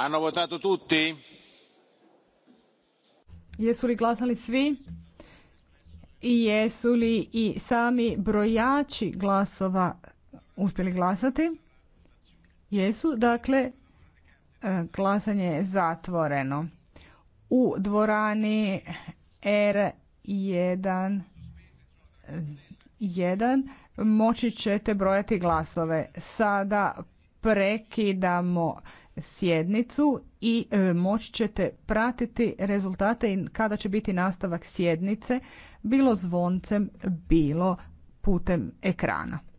Hanno votato tutti? Jesu li glasali svi? I jesu li i sami brojači glasova uspjeli glasati? Jesu, dakle, e, glasanje je zatvoreno. U dvorani R1 1 moći ćete brojati glasove. Sada prekidamo sjednicu i e, moći ćete pratiti rezultate i kada će biti nastavak sjednice bilo zvoncem, bilo putem ekrana.